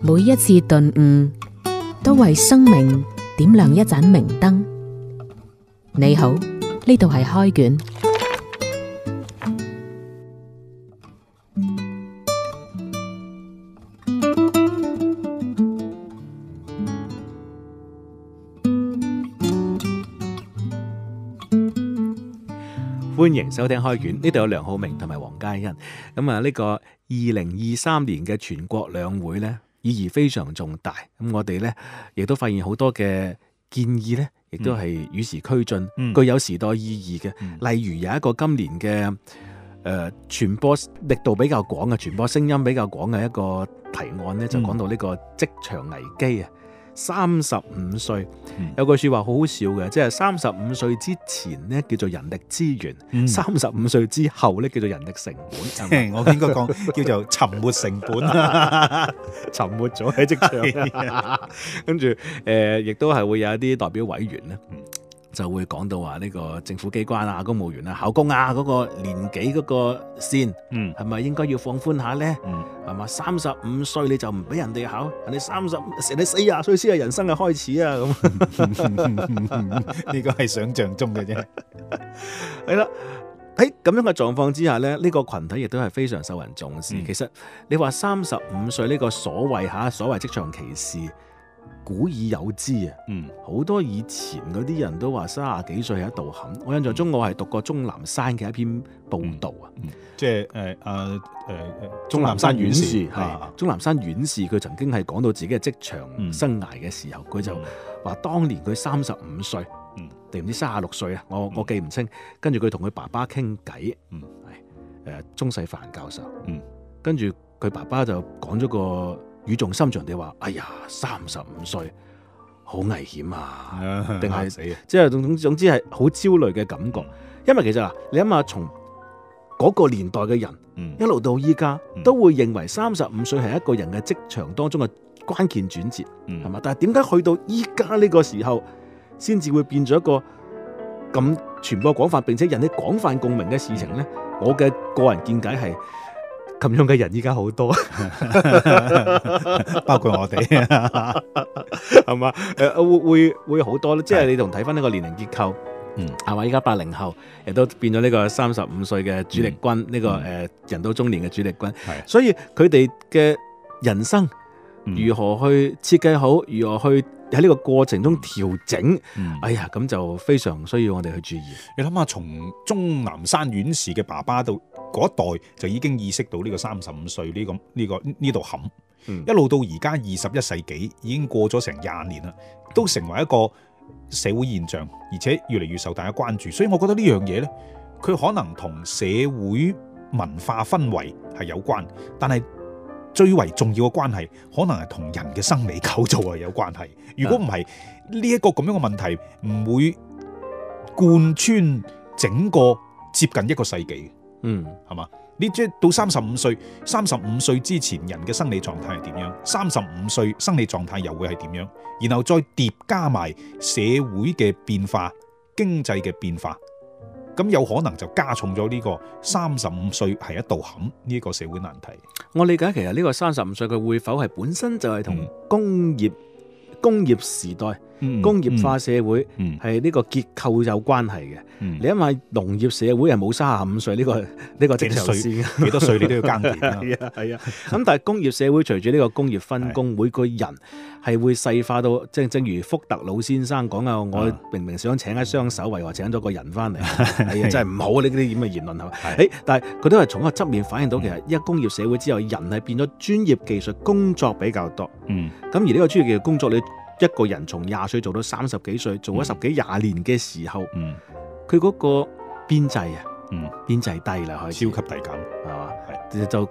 每一次頓悟，都為生命點亮一盞明燈。你好，呢度係開卷。歡迎收聽開卷，呢度有梁浩明同埋黃嘉欣。咁啊，呢個二零二三年嘅全國兩會呢，意義非常重大。咁我哋呢亦都發現好多嘅建議呢亦都係與時俱進，具有時代意義嘅，嗯。例如有一個今年嘅誒、呃、傳播力度比較廣嘅傳播聲音比較廣嘅一個提案呢，就講到呢個職場危機啊。三十五歲、嗯、有句説話好好笑嘅，即係三十五歲之前呢叫做人力資源，三十五歲之後呢叫做人力成本。嗯、 我應該講叫做沉沒成本 沉沒咗喺職場。跟住誒，亦都係會有一啲代表委員、嗯就會講到話呢個政府機關啊、公務員啊、考公啊嗰、嗰個年紀嗰個線，嗯，係咪應該要放寬下呢？嗯，係嘛，三十五歲你就唔俾人哋考，人哋三十，成你四十歲先係人生嘅開始啊！咁，呢個係想象中嘅啫。 係啦，喺咁樣嘅狀況之下呢，呢、呢個群體亦都係非常受人重視。嗯、其實你話三十五歲呢個所謂吓，所謂職場歧視。古已有之啊！嗯，好多以前嗰啲人都話，卅幾歲係一道坎、嗯。我印象中，我係讀過鐘南山嘅一篇報道啊、嗯嗯嗯，即係誒誒誒，鐘南山院士係鐘南山院士，佢、uh, uh, 曾經係講到自己嘅職場生涯嘅時候，佢、嗯、就話當年佢三十五歲定唔、嗯、知卅六歲啊，我、嗯、我記唔清。跟住佢同佢爸爸傾偈，係誒鐘世藩教授，嗯，跟住佢爸爸就講咗個。語重心長地話，哎呀，三十五歲好危險啊！定係死啊！即 係、就是、總之係好焦慮嘅感覺、嗯。因為其實你諗下從嗰個年代嘅人，嗯、一路到依家、嗯，都會認為三十五歲係一個人嘅職場當中嘅關鍵轉折，係、嗯、嘛？但係點解去到依家呢個時候，先至會變咗一個咁傳播廣泛，並且引起廣泛共鳴嘅事情呢？嗯、我嘅個人見解係。咁樣嘅人依家好多， 包括我哋， 係嘛？誒，會會會好多，即係你同睇翻呢個年齡結構，嗯，係嘛？依家八零後亦都變咗呢個三十五歲嘅主力軍，呢、嗯、個誒人到中年嘅主力軍，係、嗯，所以佢哋嘅人生如何去設計好，嗯、如何去喺呢個過程中調整？嗯、哎呀，咁就非常需要我哋去注意。你諗下，從鍾南山院士嘅爸爸到，嗰一代就已經意識到呢個三十五歲呢個呢個呢度冚一路到而家二十一世紀已經過咗成廿年啦，都成為一個社會現象，而且越嚟越受大家關注。所以，我覺得呢樣嘢呢，佢可能同社會文化氛圍係有關，但係最為重要嘅關係可能係同人嘅生理構造係有關係。如果唔係呢一個咁樣嘅問題，唔會貫穿整個接近一個世紀。嗯，係嘛？你即到三十五歲，三十五歲之前人嘅生理狀態係點樣？三十五歲生理狀態又會係點樣？然後再疊加埋社會嘅變化、經濟嘅變化，咁有可能就加重咗呢個三十五歲係一道坎呢個社會難題。我理解其實呢個三十五歲佢會否係本身就係同工業、嗯、工業時代？工業化社會係呢個結構有關係嘅、嗯嗯。你因為農業社會係冇三十五歲呢個呢、嗯這個職壽線，幾 多歲你都要耕田係啊，咁 但係工業社會隨住呢個工業分工，每個人係會細化到，正正如福特老先生講啊，我明明想請一雙手，為何請咗個人翻嚟？係啊，你真係唔好啊！呢啲咁嘅言論係嘛？但係佢都係從個側面反映到，其實依家工業社會之後，嗯、人係變咗專業技術工作比較多。咁、嗯、而呢個專業技術工作你？一個人從廿歲做到三、嗯、十幾歲，做咗十幾廿年嘅時候，佢、嗯、嗰個邊際啊，邊、嗯、際低啦，可以，超級低咁，係嘛？就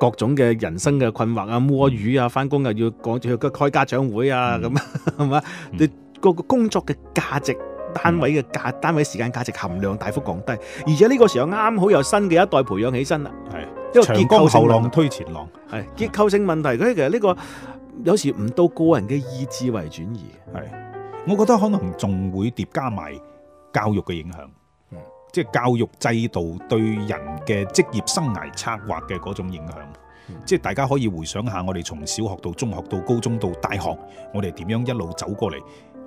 各種嘅人生嘅困惑啊、摸魚啊、翻、嗯、工又要趕住去開家長會啊，咁係嘛？你個、嗯、 個工作嘅價值、嗯、單位嘅價單位時間價值含量大幅降低，而且呢個時候啱好有新嘅一代培養起身啦，係，因、這、為、個、長江後浪推前浪，係結構性問題，佢其實呢、這個。有時唔到個人嘅意志為轉移，係我覺得可能仲會疊加埋教育嘅影響，嗯、即係教育制度對人嘅職業生涯策劃嘅嗰種影響。嗯、即係大家可以回想下，我哋從小學到中學到高中到大學，我哋點樣一路走過嚟，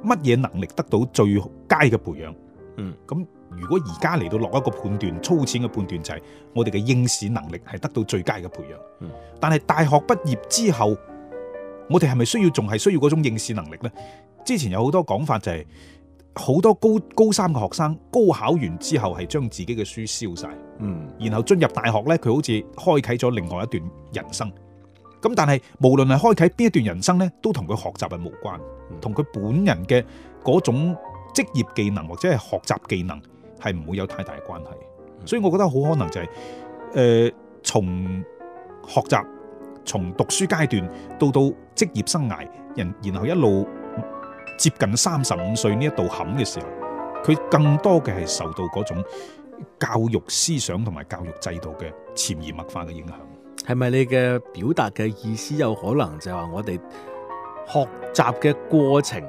乜嘢能力得到最佳嘅培養？咁、嗯、如果而家嚟到落一個判斷，粗淺嘅判斷就係、是、我哋嘅應試能力係得到最佳嘅培養。嗯、但係大學畢業之後。我哋係咪需要仲係需要嗰種應試能力呢？之前有好多講法就係、是、好多高高三嘅學生高考完之後係將自己嘅書燒晒，嗯，然後進入大學呢，佢好似開啟咗另外一段人生。咁但係無論係開啟邊一段人生呢，都同佢學習係冇關，同、嗯、佢本人嘅嗰種職業技能或者係學習技能係唔會有太大的關係。所以我覺得好可能就係、是、誒、呃、從學習。從讀書階段到到職業生涯，然然後一路接近三十五歲呢一度冚嘅時候，佢更多嘅係受到嗰種教育思想同埋教育制度嘅潛移默化嘅影響。係咪你嘅表達嘅意思有可能就係話我哋學習嘅過程，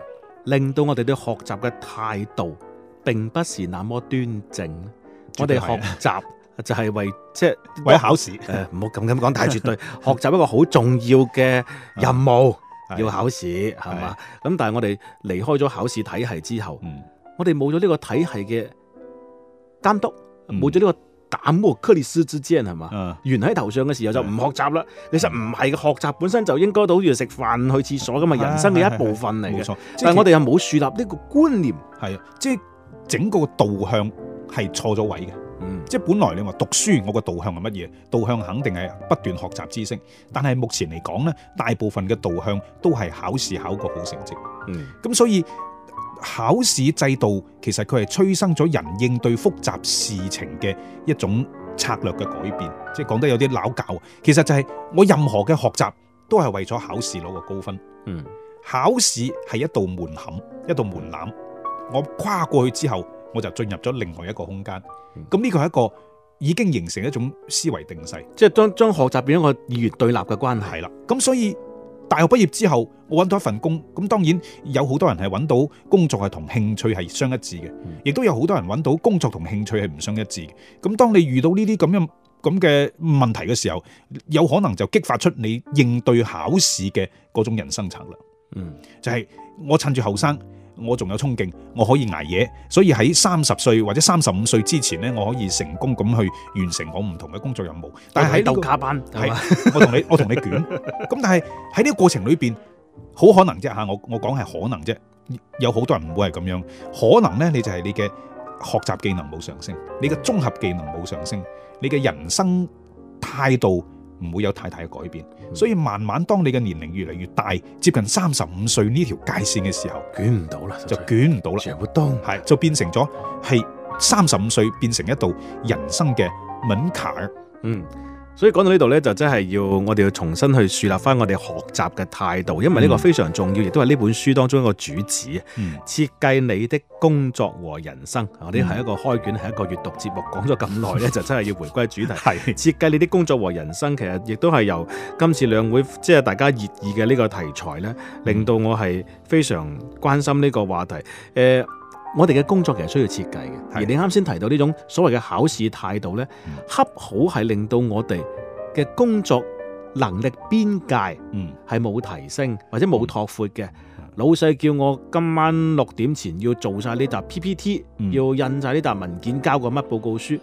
令到我哋對學習嘅態度，並不是那麼端正。我哋學習。 就係、是、為即係考試，唔好咁咁講，但係絕對 學習一個好重要嘅任務、嗯，要考試係嘛？咁但係我哋離開咗考試體系之後，嗯、我哋冇咗呢個體系嘅監督，冇咗呢個達摩克利斯之之劍係嘛？懸喺、嗯、頭上嘅時候就唔學習啦。其實唔係嘅，學習本身就應該到好似食飯、去廁所咁嘛，人生嘅一部分嚟嘅。但係我哋又冇樹立呢個觀念，係啊，即係、就是、整個導向係錯咗位嘅。嗯、即係本來你話讀書，我個導向係乜嘢？導向肯定係不斷學習知識。但係目前嚟講咧，大部分嘅導向都係考試考個好成績。嗯，咁所以考試制度其實佢係催生咗人應對複雜事情嘅一種策略嘅改變。即係講得有啲拗教，其實就係我任何嘅學習都係為咗考試攞個高分。嗯，考試係一道門檻，一道門檻，我跨過去之後。我就進入咗另外一個空間，咁呢個係一個已經形成一種思維定勢，即係將將學習變一個二元對立嘅關係啦。咁所以大學畢業之後，我揾到一份工，咁當然有好多人係揾到工作係同興趣係相一致嘅，亦、嗯、都有好多人揾到工作同興趣係唔相一致嘅。咁當你遇到呢啲咁樣咁嘅問題嘅時候，有可能就激發出你應對考試嘅嗰種人生策略。嗯，就係我趁住後生。我仲有衝勁，我可以捱夜，所以喺三十歲或者三十五歲之前呢，我可以成功咁去完成我唔同嘅工作任務。但係喺度卡班，係我同你我同你捲咁。 但係喺呢個過程裏邊，好可能啫吓，我我講係可能啫，有好多人唔會係咁樣，可能呢，你就係你嘅學習技能冇上升，你嘅綜合技能冇上升，你嘅人生態度唔會有太大嘅改變，所以慢慢當你嘅年齡越嚟越大，接近三十五歲呢條界線嘅時候，捲唔到啦，就捲唔到啦。活動係就變成咗係三十五歲變成一道人生嘅門檻。嗯。所以講到呢度咧，就真係要我哋要重新去樹立翻我哋學習嘅態度，因為呢個非常重要，亦都係呢本書當中一個主旨。設、嗯、計你的工作和人生，我哋係一個開卷，係一個閱讀節目。講咗咁耐咧，就真係要回歸主題。設 計你的工作和人生，其實亦都係由今次兩會即係大家熱議嘅呢個題材咧，令到我係非常關心呢個話題。呃我哋嘅工作其實需要設計嘅，而你啱先提到呢種所謂嘅考試態度呢、嗯、恰好係令到我哋嘅工作能力邊界是沒有，嗯，係冇提升或者冇拓闊嘅。老細叫我今晚六點前要做晒呢沓 PPT、嗯、要印晒呢沓文件交個乜報告書，咁、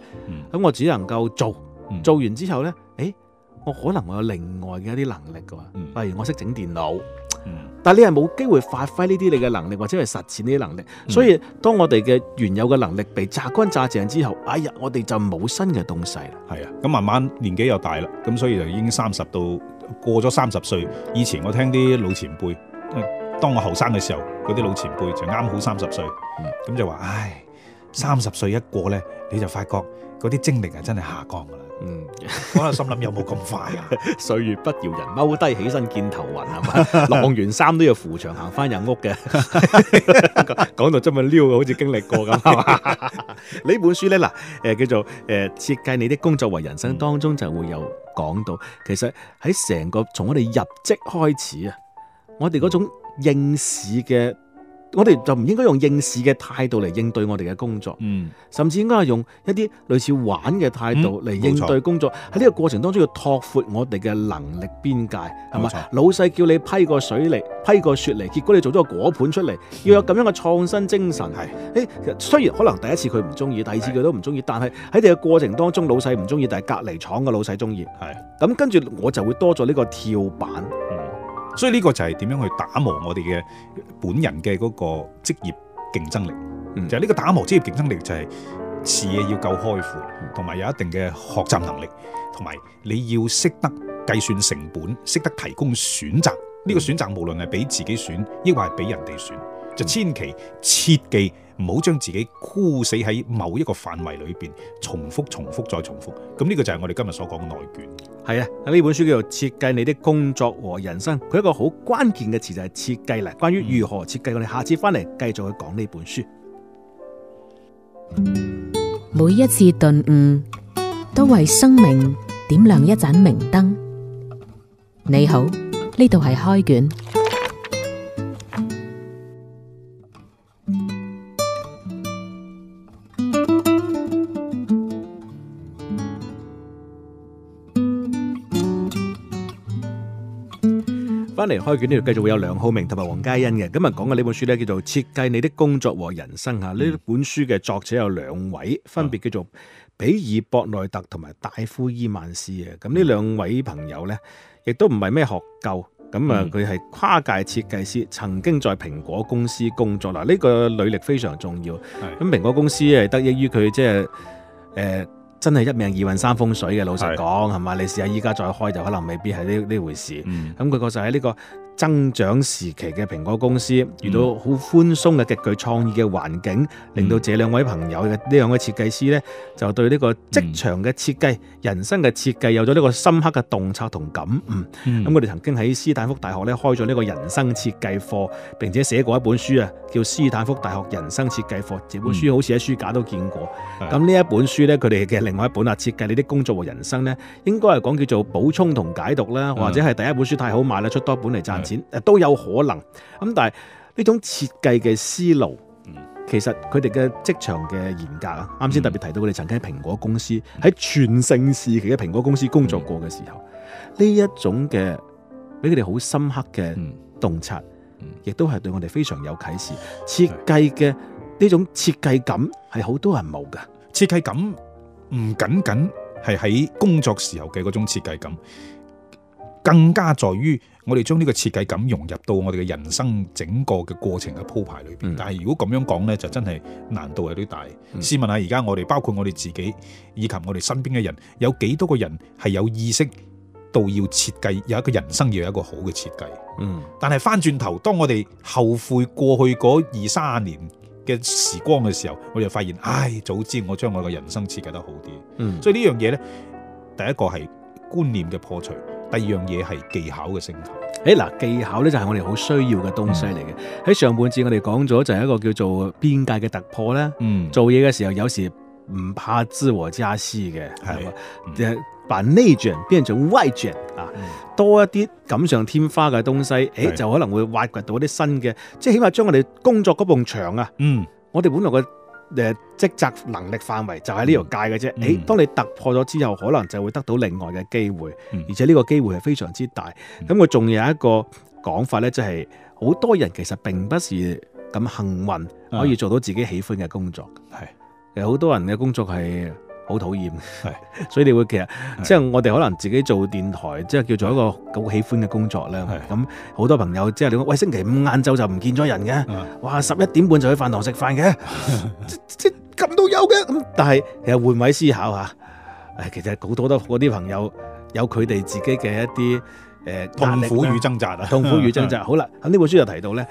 嗯、我只能夠做。做完之後呢，誒，我可能我有另外嘅一啲能力嘅、嗯，例如我識整電腦。嗯、但你係冇機會發揮呢啲你嘅能力，或者係實踐呢啲能力。所以當我哋嘅原有嘅能力被榨乾榨淨之後，哎呀，我哋就冇新嘅東西啦。係啊，咁慢慢年紀又大啦，咁所以就已經三十到過咗三十歲。以前我聽啲老前輩，當我後生嘅時候，嗰啲老前輩就啱好三十歲，咁、嗯、就話：，唉，三十歲一過呢，你就發覺嗰啲精力係真係下降噶啦。嗯，可能心諗有冇咁快啊？歲 月不饒人，踎低起身見頭暈係嘛？晾完衫都要扶牆行翻入屋嘅，講 到真係撩嘅，好似經歷過咁係嘛？呢 本書咧嗱，誒、呃、叫做誒設計你的工作為人生當中就會有講到、嗯，其實喺成個從我哋入職開始啊，我哋嗰種應試嘅。我哋就唔應該用應試嘅態度嚟應對我哋嘅工作、嗯，甚至應該係用一啲類似玩嘅態度嚟應對工作。喺、嗯、呢個過程當中要拓闊我哋嘅能力邊界，係嘛？老細叫你批個水嚟，批個雪嚟，結果你做咗個果盤出嚟、嗯，要有咁樣嘅創新精神。誒、嗯，雖然可能第一次佢唔中意，第二次佢都唔中意，但係喺呢個過程當中，老細唔中意，但係隔籬廠嘅老細中意。係咁，跟住我就會多咗呢個跳板。所以呢個就係點樣去打磨我哋嘅本人嘅嗰個職業競爭力，就係呢個打磨職業競爭力就係視野要夠開闊，同埋有一定嘅學習能力，同埋你要識得計算成本，識得提供選擇。呢個選擇無論係俾自己選，亦或係俾人哋選。就千祈切記唔好將自己箍死喺某一個範圍裏邊，重複、重複再重複。咁呢個就係我哋今日所講嘅內卷。係啊，呢本書叫做《設計你的工作和人生》，佢一個好關鍵嘅詞就係設計啦。關於如何設計、嗯，我哋下次翻嚟繼續去講呢本書。每一次頓悟，都為生命點亮一盞明燈。你好，呢度係開卷。今日開卷呢度繼續會有梁浩明同埋黃嘉欣嘅，咁啊講嘅呢本書咧叫做《設計你的工作和人生》吓，呢、嗯、本書嘅作者有兩位，分別叫做比爾博內特同埋戴夫伊曼斯啊，咁、嗯、呢兩位朋友咧，亦都唔係咩學究，咁啊佢係跨界設計師、嗯，曾經在蘋果公司工作，嗱、這、呢個履歷非常重要，咁蘋果公司係得益於佢即係誒。呃真係一命二運三風水嘅，老實講係嘛？你試下依家再開，就可能未必係呢呢回事。咁、嗯、佢、嗰個就喺呢個。增長時期嘅蘋果公司遇到好寬鬆嘅極具創意嘅環境、嗯，令到這兩位朋友嘅呢兩位設計師呢，就對呢個職場嘅設計、人生嘅設計有咗呢個深刻嘅洞察同感悟。咁佢哋曾經喺斯坦福大學咧開咗呢個人生設計課，並且寫過一本書啊，叫《斯坦福大學人生設計課》。這本書好似喺書架都見過。咁、嗯、呢一本書呢，佢哋嘅另外一本啊，《設計你的工作和人生》呢，應該係講叫做補充同解讀啦、嗯，或者係第一本書太好賣啦，出多本嚟賺、嗯。誒都有可能咁，但係呢種設計嘅思路，其實佢哋嘅職場嘅嚴格啊，啱先特別提到佢哋曾經喺蘋果公司喺全盛時期嘅蘋果公司工作過嘅時候，呢一種嘅俾佢哋好深刻嘅洞察，亦都係對我哋非常有啟示。設計嘅呢種設計感係好多人冇㗎，設計感唔僅僅係喺工作時候嘅嗰種設計感。更加在於我哋將呢個設計感融入到我哋嘅人生整個嘅過程嘅鋪排裏邊，嗯。但係如果咁樣講咧，就真係難度有啲大。試、嗯、問下而家我哋，包括我哋自己以及我哋身邊嘅人，有幾多個人係有意識到要設計有一個人生要有一個好嘅設計？嗯。但係翻轉頭，當我哋後悔過去嗰二三十年嘅時光嘅時候，我就發現唉，早知我將我嘅人生設計得好啲。嗯。所以呢樣嘢咧，第一個係觀念嘅破除。第二樣嘢係技巧嘅升級，誒、哎、嗱，技巧咧就係我哋好需要嘅東西嚟嘅。喺、嗯、上半節我哋講咗就係一個叫做邊界嘅突破啦，嗯，做嘢嘅時候有時唔怕自我加戲嘅，係嘛，即係、嗯、把內捲變成外捲啊、嗯，多一啲錦上添花嘅東西，誒、嗯哎、就可能會挖掘到一啲新嘅，即係起碼將我哋工作嗰埲牆啊，嗯，我哋本來嘅。誒職責能力範圍就喺呢條界嘅啫。誒、嗯嗯，當你突破咗之後，可能就會得到另外嘅機會，嗯、而且呢個機會係非常之大。咁我仲有一個講法呢，就係、是、好多人其實並不是咁幸運，可以做到自己喜歡嘅工作。嗯、其實好多人嘅工作係好討厭，係， 所以你會其實即係我哋可能自己做電台，即係叫做一個好喜歡嘅工作咧。咁好多朋友即係你講，喂，星期五晏晝就唔見咗人嘅，哇，十一點半就去飯堂食飯嘅，即即咁都有嘅。咁但係其實換位思考下，誒其實好多好多嗰啲朋友有佢哋自己嘅一啲誒痛苦與掙扎啊，痛苦與掙扎。好啦，咁呢本書就提到咧，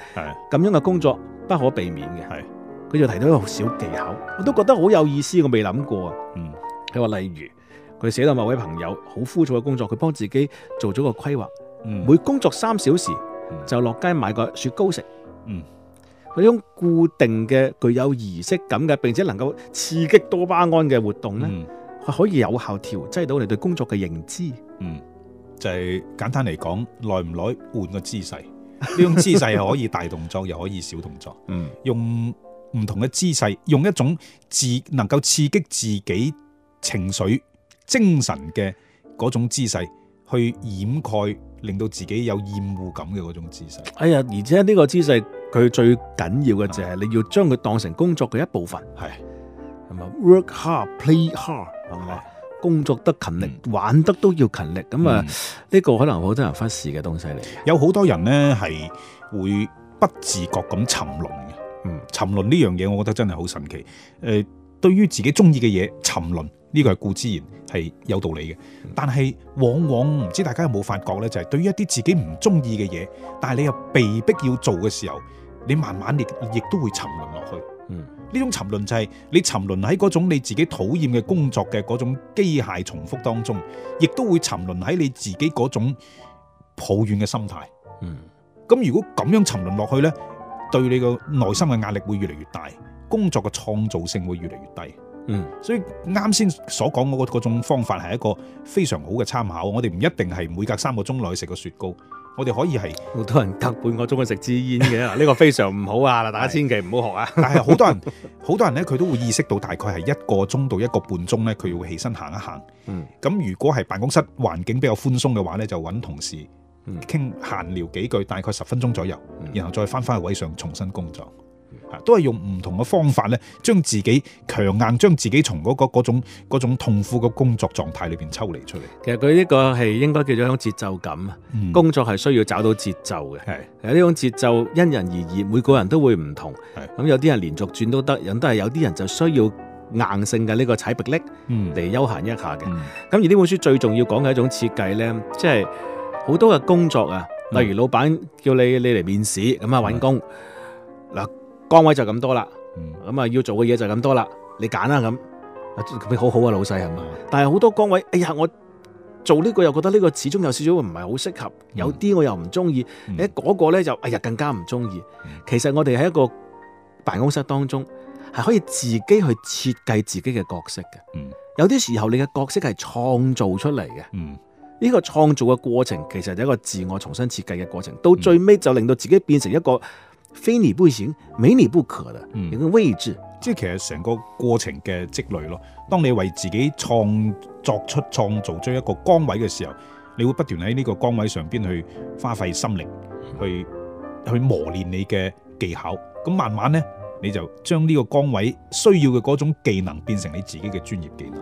咁樣嘅工作不可避免嘅。佢就提到一個小技巧，我都覺得好有意思。我未諗過啊。嗯，佢話例如佢寫到某位朋友好枯燥嘅工作，佢幫自己做咗個規劃，嗯，每工作三小時就落街買個雪糕食。嗯，呢、嗯、種固定嘅具有儀式感嘅，並且能夠刺激多巴胺嘅活動咧，係、嗯、可以有效調劑到你哋對工作嘅認知。嗯，就係、是、簡單嚟講，耐唔耐換個姿勢，呢 種姿勢又可以大動作， 又可以小動作。嗯，用。唔同嘅姿勢，用一種自能夠刺激自己情緒、精神嘅嗰種姿勢，去掩蓋令到自己有厭惡感嘅嗰種姿勢。哎呀，而且呢個姿勢，佢最緊要嘅就係你要將佢當成工作嘅一部分，係，係嘛，work hard play hard，係嘛，工作得勤力、嗯，玩得都要勤力。咁啊，呢、嗯呢個可能好多人忽視嘅東西嚟。有好多人咧係會不自覺咁沉淪。嗯，沉淪呢樣嘢，我覺得真係好神奇。誒、呃，對於自己中意嘅嘢沉淪，呢個係固之然，係有道理嘅。但係往往唔知大家有冇發覺呢，就係、是、對於一啲自己唔中意嘅嘢，但係你又被逼要做嘅時候，你慢慢亦都會沉淪落去。嗯，呢種沉淪就係你沉淪喺嗰種你自己討厭嘅工作嘅嗰種機械重複當中，亦都會沉淪喺你自己嗰種抱怨嘅心態。嗯，咁如果咁樣沉淪落去呢？對你個內心嘅壓力會越嚟越大，工作嘅創造性會越嚟越低。嗯，所以啱先所講嗰種方法係一個非常好嘅參考。我哋唔一定係每隔三個鐘內食個雪糕，我哋可以係，好多人隔半個鐘去食支煙嘅，呢 個非常唔好啊！ 大家千祈唔好學啊。但係好多人，好 多人呢，佢都會意識到大概係一個鐘到一個半鐘呢，佢會起身行一行。嗯。咁如果係辦公室環境比較寬鬆嘅話呢，就揾同事。傾、嗯、閒聊幾句，大概十分鐘左右，然後再返返去位上重新工作，都係用唔同嘅方法咧，將自己強硬將自己從嗰、嗰個嗰種嗰種痛苦嘅工作狀態裏邊抽離出嚟。其實佢呢個係應該叫做一種節奏感啊、嗯，工作係需要找到節奏嘅。係，其實呢種節奏因人而異，每個人都會唔同。咁有啲人連續轉都得，人都係有啲人就需要硬性嘅呢個踩迫力力嚟休閒一下嘅。咁、嗯嗯、而呢本書最重要講嘅一種設計呢，即係。好多嘅工作啊，例如老闆叫你、嗯、你嚟面試咁啊，揾工嗱，崗位就咁多啦，咁、嗯、啊要做嘅嘢就咁多啦，你揀啦咁，你好好啊，老細係嘛？但係好多崗位，哎呀，我做呢、呢個又覺得呢個始終有少少唔係好適合，有啲我又唔中意，喺、嗯、嗰、嗰個咧就哎呀更加唔中意。其實我哋喺一個辦公室當中，係可以自己去設計自己嘅角色嘅、嗯。有啲時候你嘅角色係創造出嚟嘅。嗯呢個創造嘅過程，其實就係一個自我重新設計嘅過程，到最尾就令到自己變成一個非你不行、非你不可的一個位置、嗯。即係其實成個過程嘅積累咯。當你為自己創作出創造咗一個崗位嘅時候，你會不斷喺呢個崗位上邊去花費心力，去去磨練你嘅技巧。咁慢慢呢你就將呢個崗位需要嘅嗰種技能變成你自己嘅專業技能，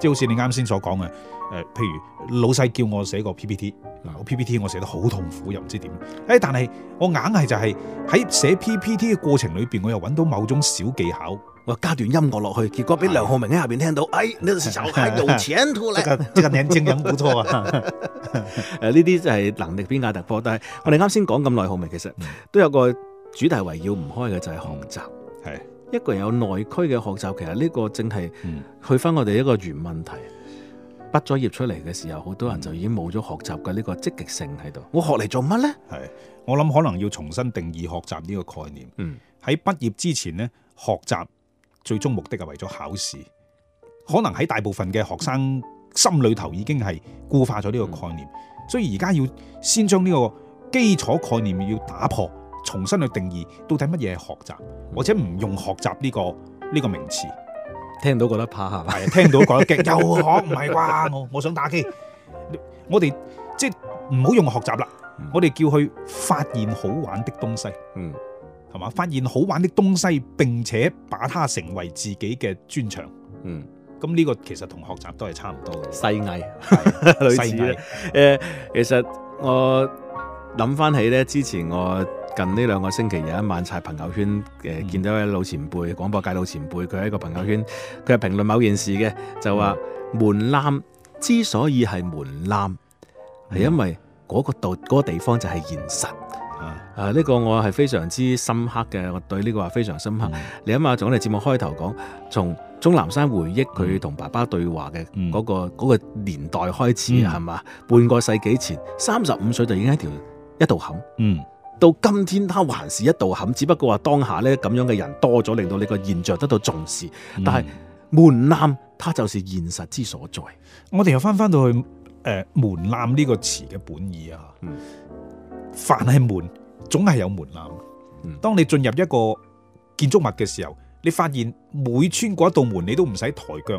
即係好似你啱先所講嘅，誒，譬如老細叫我寫個 PPT，嗱，我 PPT 我寫得好痛苦，又唔知點，誒，但係我硬係就係喺寫 PPT 嘅過程裏邊，我又揾到某種小技巧，我加段音樂落去，結果俾梁浩明喺下邊聽到，誒、哎，你嘅手藝又前途啦，即係年輕人冇錯啊，誒，呢啲就係能力邊界突破。但係我哋啱先講咁耐，浩明其實都有個主題圍繞唔開嘅就係學習。一個人有內驅嘅學習，其實呢個正係去翻我哋一個原問題。畢、嗯、咗業出嚟嘅時候，好多人就已經冇咗學習嘅呢個積極性喺度。我學嚟做乜呢？係我諗可能要重新定義學習呢個概念。嗯，喺畢業之前呢，學習最終目的係為咗考試。可能喺大部分嘅學生心裏頭已經係固化咗呢個概念，嗯、所以而家要先將呢個基礎概念要打破。重新去定義到底乜嘢係學習，或者唔用學習呢、呢個呢、呢個名詞？聽到覺得怕係嘛？ 聽到覺得激 又學唔係啩？我我想打機。我哋即係唔好用學習啦，我哋叫佢發現好玩的東西。嗯，係嘛？發現好玩的東西並且把它成為自己嘅專長。嗯，咁呢個其實同學習都係差唔多嘅。細藝類似咧。誒、呃，其實我諗翻起咧，之前我。近呢兩個星期有一晚，刷朋友圈，誒見到一位老前輩，廣、嗯、播界老前輩，佢喺一個朋友圈，佢係評論某件事嘅，就話、嗯、門檻之所以係門檻，係、嗯、因為嗰個度嗰個地方就係現實啊。呢、啊呢個我係非常之深刻嘅，我對呢個話非常深刻。嗯、你諗下，從我哋節目開頭講，從鍾南山回憶佢同爸爸對話嘅嗰、嗰個嗯嗰個年代開始，係、嗯、嘛半個世紀前，三十五歲就已經一條一道坎。嗯。到今天，它還是一道坎，只不過話當下呢，咁樣嘅人多咗，令到呢個現象得到重視。但係門檻，它就是現實之所在。我哋又翻翻到去誒門檻呢個詞嘅本意啊。凡係門，總係有門檻。當你進入一個建築物嘅時候，你發現每穿過一道門，你都唔使抬腳，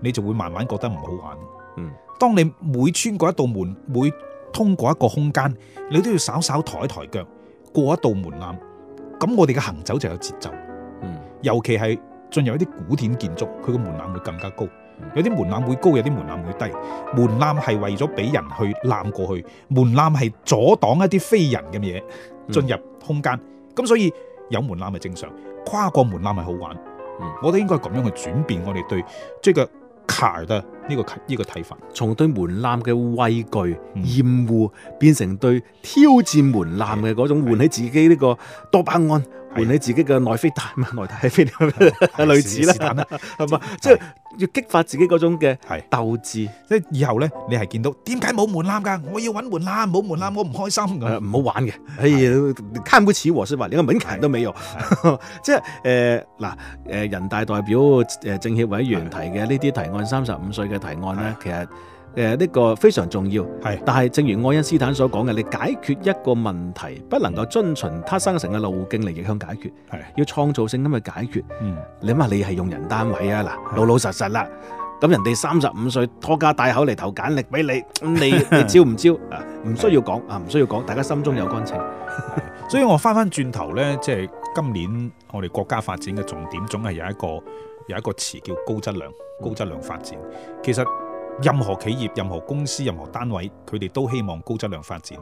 你就會慢慢覺得唔好玩。嗯，當你每穿過一道門，每通過一個空間，你都要稍稍抬一抬腳，過一道門檻。咁我哋嘅行走就有節奏。嗯，尤其係進入一啲古典建築，佢個門檻會更加高。有啲門檻會高，有啲門檻會低。門檻係為咗俾人去攬過去，門檻係阻擋一啲非人嘅嘢進入空間。咁、嗯、所以有門檻係正常，跨過門檻係好玩。嗯、我都應該咁樣去轉變我哋對呢個坎的。呢、這個呢、這個睇法，從對門檻嘅畏懼、厭、嗯、惡變成對挑戰門檻嘅嗰種喚起自己呢個多巴胺，喚起自己嘅內啡肽嘛，內太係非類似啦，係嘛，即係。要激發自己嗰種嘅係鬥志，即係以後咧，你係見到點解冇門檻㗎？我要揾門檻，冇門檻，我唔開心唔、嗯呃、好玩嘅。哎呀，堪不似和尚話，連個門檻都未用。 即係誒嗱，誒、呃呃、人大代表、誒政協委員提嘅呢啲提案，三十五歲嘅提案咧，其實。誒，呢個非常重要，係。但係正如愛因斯坦所講嘅，你解決一個問題不能夠遵循它生成嘅路徑嚟，逆向解決，係要創造性咁去解決。嗯，你諗下，你係用人單位啊，嗱、嗯，老老實實啦。咁人哋三十五歲拖家帶口嚟投簡歷俾你，你你招唔招？唔 需要講啊，唔需要講，大家心中有桿秤。所以我翻翻轉頭呢，即係今年我哋國家發展嘅重點，總係有一個有一個詞叫高質量、嗯、高質量發展。其實。任何企業、任何公司、任何單位，佢哋都希望高質量發展；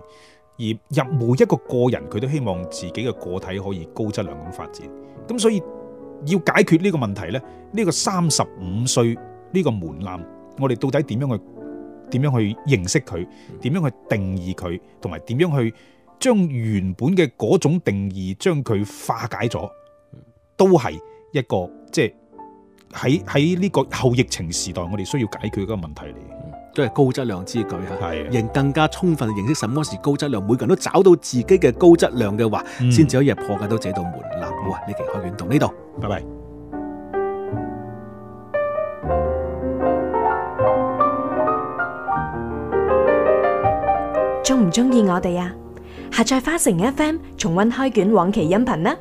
而入每一個個人，佢都希望自己嘅個體可以高質量咁發展。咁所以要解決呢個問題呢，呢、呢個三十五歲呢個門檻，我哋到底點樣去點樣去認識佢？點樣去定義佢？同埋點樣去將原本嘅嗰種定義將佢化解咗，都係一個即、就係喺喺呢個後疫情時代，我哋需要解決嘅問題嚟，都係高質量之舉吓，係，認更加充分認識什麼係高質量，每個人都找到自己嘅高質量嘅話，先、嗯、至可以破解到這道門。好啊，呢期開卷到呢度，拜拜。中唔中意我哋啊？下載花城 FM 重溫開卷往期音頻呢、啊。